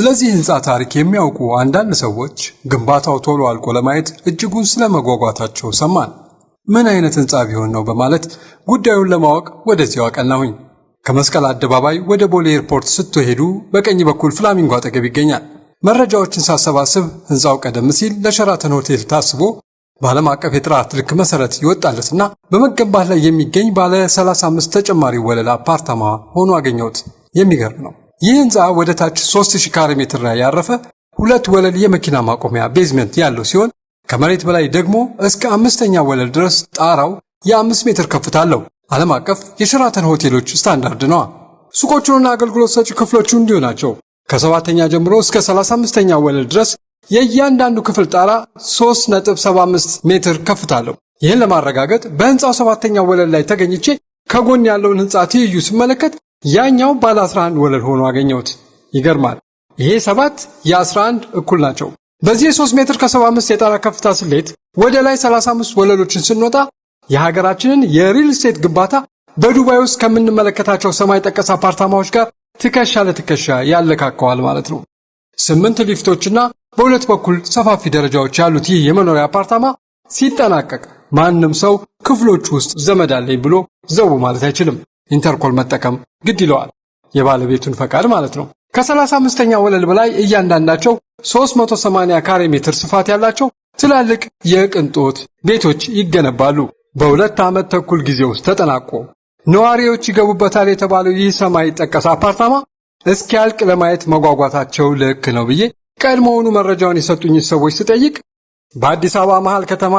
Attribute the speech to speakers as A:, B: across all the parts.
A: ስለዚህ ህንፃ ታሪክ የሚያውቁ አንዳንድ ሰዎች ግንባታው ቶሎ አልቆ ለማየት እጅጉን ስለመጓጓታቸው ሰማን። ምን አይነት ህንፃ ቢሆን ነው በማለት ጉዳዩን ለማወቅ ወደዚያው አቀናሁኝ። ከመስቀል አደባባይ ወደ ቦሌ ኤርፖርት ስትሄዱ በቀኝ በኩል ፍላሚንጎ አጠገብ ይገኛል። መረጃዎችን ሳሰባስብ ህንፃው ቀደም ሲል ለሸራተን ሆቴል ታስቦ በዓለም አቀፍ የጥራት ልክ መሰረት ይወጣለትና በመገንባት ላይ የሚገኝ ባለ 35 ተጨማሪ ወለል አፓርታማ ሆኖ አገኘሁት። የሚገርም ነው። ይህ ህንፃ ወደ ታች 3000 ካሬ ሜትር ላይ ያረፈ ሁለት ወለል የመኪና ማቆሚያ ቤዝመንት ያለው ሲሆን ከመሬት በላይ ደግሞ እስከ አምስተኛ ወለል ድረስ ጣራው የአምስት ሜትር ከፍታ አለው። ዓለም አቀፍ የሸራተን ሆቴሎች ስታንዳርድ ነዋ። ሱቆቹንና አገልግሎት ሰጪ ክፍሎቹ እንዲሁ ናቸው። ከሰባተኛ ጀምሮ እስከ 35ኛ ወለል ድረስ የእያንዳንዱ ክፍል ጣራ 3.75 ሜትር ከፍታ አለው። ይህን ለማረጋገጥ በህንፃው ሰባተኛ ወለል ላይ ተገኝቼ ከጎን ያለውን ህንፃ ትይዩ ስመለከት ያኛው ባለ 11 ወለል ሆኖ አገኘሁት። ይገርማል። ይሄ ሰባት የ11 እኩል ናቸው። በዚህ የ3 ሜትር ከ75 የጣራ ከፍታ ስሌት ወደ ላይ 35 ወለሎችን ስንወጣ የሀገራችንን የሪል ስቴት ግንባታ በዱባይ ውስጥ ከምንመለከታቸው ሰማይ ጠቀስ አፓርታማዎች ጋር ትከሻ ለትከሻ ያለካከዋል ማለት ነው። ስምንት ሊፍቶችና በሁለት በኩል ሰፋፊ ደረጃዎች ያሉት ይህ የመኖሪያ አፓርታማ ሲጠናቀቅ ማንም ሰው ክፍሎቹ ውስጥ ዘመድ አለኝ ብሎ ዘው ማለት አይችልም። ኢንተርፖል መጠቀም ግድ ይለዋል። የባለቤቱን ፈቃድ ማለት ነው። ከ35ኛ ወለል በላይ እያንዳንዳቸው 380 ካሬ ሜትር ስፋት ያላቸው ትላልቅ የቅንጦት ቤቶች ይገነባሉ። በሁለት ዓመት ተኩል ጊዜ ውስጥ ተጠናቆ ነዋሪዎች ይገቡበታል የተባለው ይህ ሰማይ ጠቀስ አፓርታማ እስኪያልቅ ለማየት መጓጓታቸው ልክ ነው ብዬ ቀድሞውኑ መረጃውን የሰጡኝ ሰዎች ስጠይቅ በአዲስ አበባ መሃል ከተማ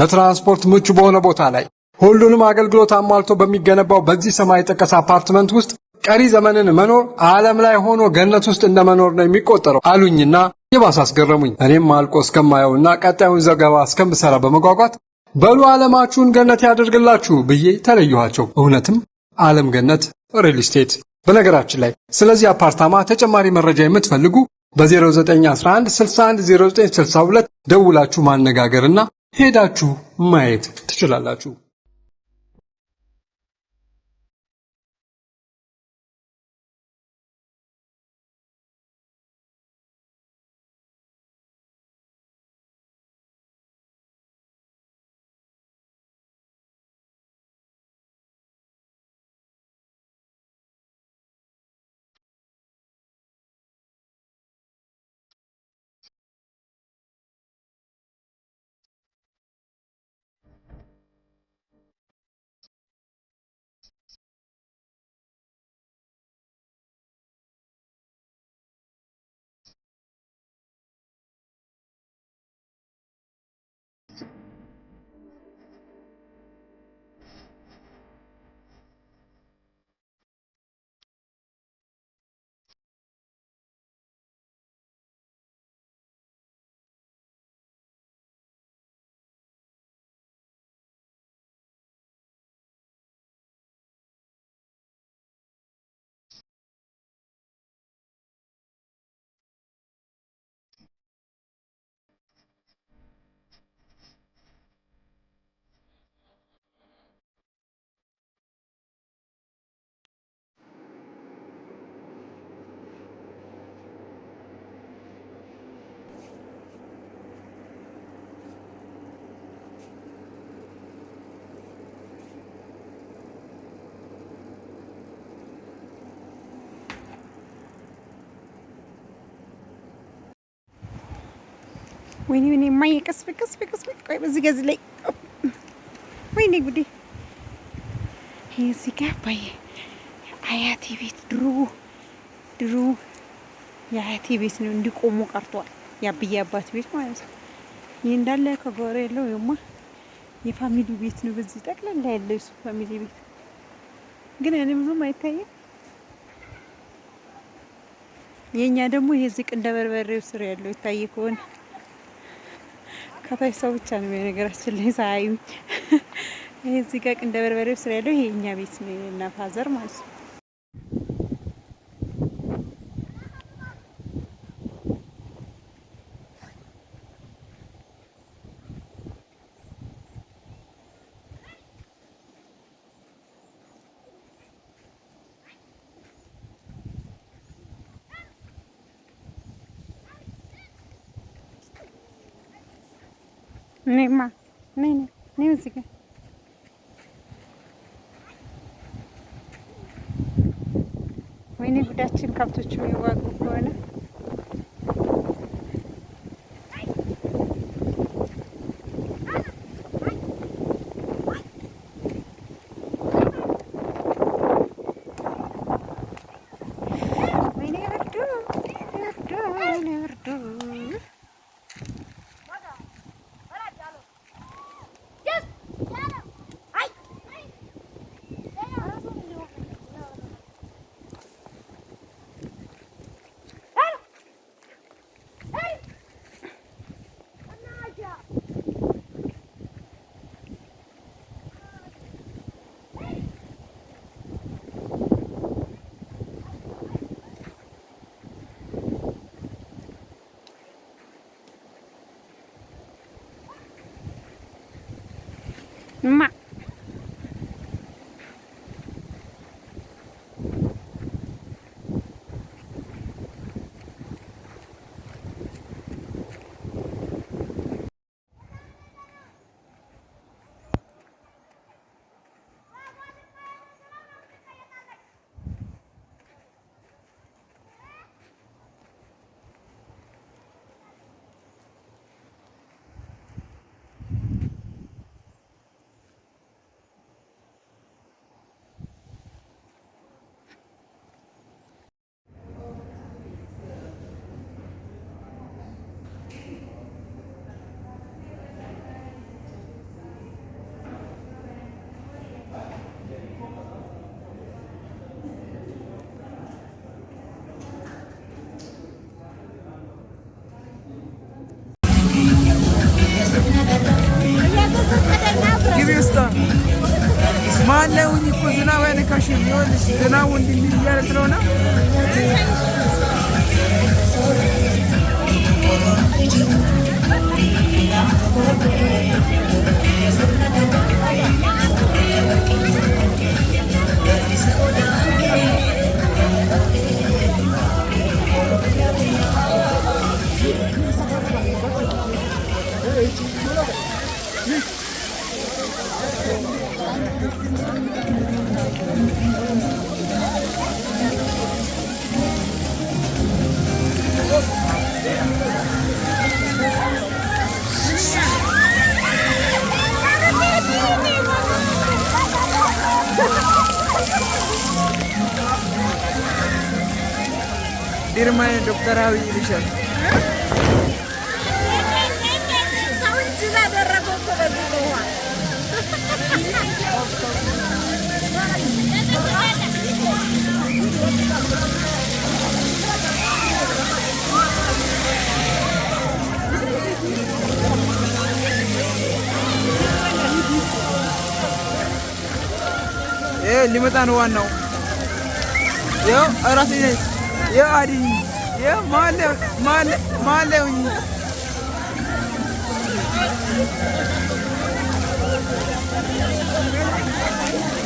A: ለትራንስፖርት ምቹ በሆነ ቦታ ላይ ሁሉንም አገልግሎት አሟልቶ በሚገነባው በዚህ ሰማይ ጠቀስ አፓርትመንት ውስጥ ቀሪ ዘመንን መኖር ዓለም ላይ ሆኖ ገነት ውስጥ እንደ መኖር ነው የሚቆጠረው አሉኝና ይባስ አስገረሙኝ። እኔም አልቆ እስከማየውና ቀጣዩን ዘገባ እስከምሰራ በመጓጓት በሉ ዓለማችሁን ገነት ያደርግላችሁ ብዬ ተለየኋቸው። እውነትም ዓለም ገነት ሪል ስቴት። በነገራችን ላይ ስለዚህ አፓርታማ ተጨማሪ መረጃ የምትፈልጉ በ0911 610962 ደውላችሁ ማነጋገርና ሄዳችሁ ማየት ትችላላችሁ።
B: ወይኔ ወይኔ ማዬ ቀስ በቀስ በቀስ ቆይ፣ በዚህ ጋር ላይ ወይኔ ጉዴ! ይሄ እዚህ ጋር ባዬ አያቴ ቤት ድሮ ድሮ የአያቴ ቤት ነው እንዲቆሙ ቀርቷል። ያብዬ አባት ቤት ማለት ነው። ይህ እንዳለ ከጓሮ ያለው ይማ የፋሚሊ ቤት ነው። በዚህ ጠቅላላ ያለው የሱ ፋሚሊ ቤት ግን እኔ ብዙም አይታየም። የእኛ ደግሞ የዚህ እዚህ ቅንደ በርበሬው ስር ያለው ይታየ ከሆነ ከታች ሰው ብቻ ነው የነገራችን ላይ ሳያዩኝ። ይሄ እዚህ ጋር ቅንደ በርበሬው ስራ ያለው ይሄ እኛ ቤት ነው የእነ ፋዘር ማለት ነው። እኔማ ነይ ነይ ነይ እዚህ ጋር ወይኔ ጉዳችን ከብቶቹ የሚዋጉ ከሆነ mặn መሀል ላይ ሁኚ እኮ ዝናብ አይነካሽም። ይኸውልሽ ዝናቡ እንዲህ እንዲህ እያለ ስለሆነ
A: ડીરમાએ ડોક્ટર આવી વિશાલ
B: ሊመጣ ነው ዋናው ያው እራሴ ये आ रही ये मान ले Thank you.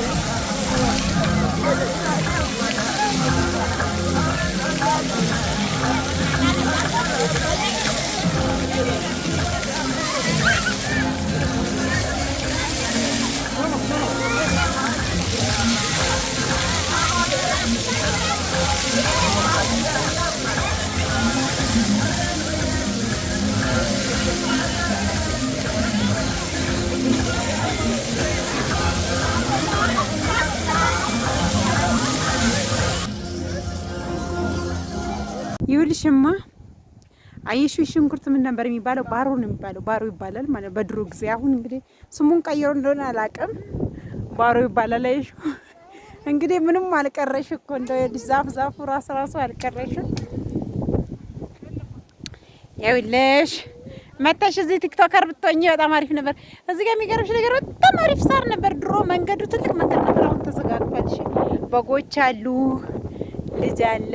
B: አየሽማ አየሽ ሽንኩርት ምን ነበር የሚባለው? ባሮ ነው የሚባለው። ባሮ ይባላል ማለት በድሮ ጊዜ። አሁን እንግዲህ ስሙን ቀይሮ እንደሆነ አላውቅም። ባሮ ይባላል። አየሽ እንግዲህ ምንም አልቀረሽ እኮ እንደው ዛፍ ዛፉ ራስ ራሱ አልቀረሽ። ይኸውልሽ መጣሽ እዚህ ቲክቶከር ብትሆኚ በጣም አሪፍ ነበር። እዚህ ጋር የሚገርምሽ ነገር በጣም አሪፍ ሳር ነበር ድሮ። መንገዱ ትልቅ መንገድ ነበር፣ አሁን ተዘጋግቷል። በጎች አሉ፣ ልጅ አለ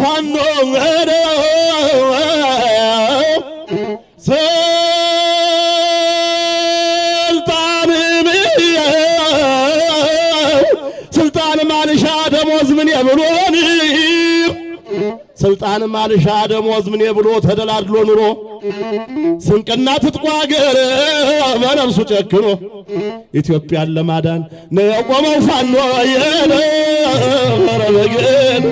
A: ፋኖ ስልጣን ስልጣን ማልሻ ደሞዝ ምን የብሎን ስልጣን ማልሻ ደሞዝ ምን የብሎ ተደላድሎ ኑሮ ስንቅና ትጥቋ አገር በነፍሱ ጨክኖ ኢትዮጵያን ለማዳን ነው የቆመው ፋኖ የነበረ በግን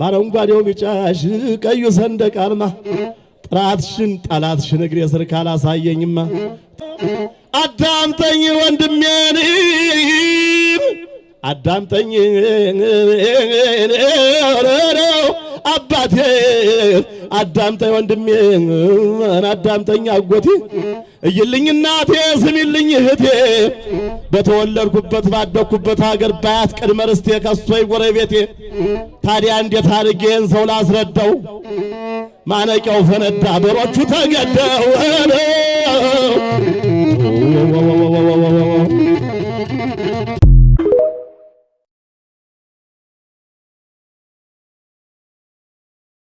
A: በአረንጓዴው ቢጫሽ ቀዩ ሰንደቅ አልማ ጥራትሽን ጠላትሽን እግሬ ስር ካላሳየኝማ አዳምጠኝ ወንድሜን አዳምጠኝ አባቴ አዳምጠኝ ወንድሜ፣ አዳምጠኝ አጎቴ፣ እይልኝ እናቴ፣ ስሚልኝ እህቴ። በተወለድኩበት ባደግኩበት ሀገር ባያት ቅድመ ርስቴ ከሶይ ጎረቤቴ። ታዲያ እንዴት አድርጌን ሰው ላስረዳው? ማነቂያው ፈነዳ፣ በሮቹ ተገደው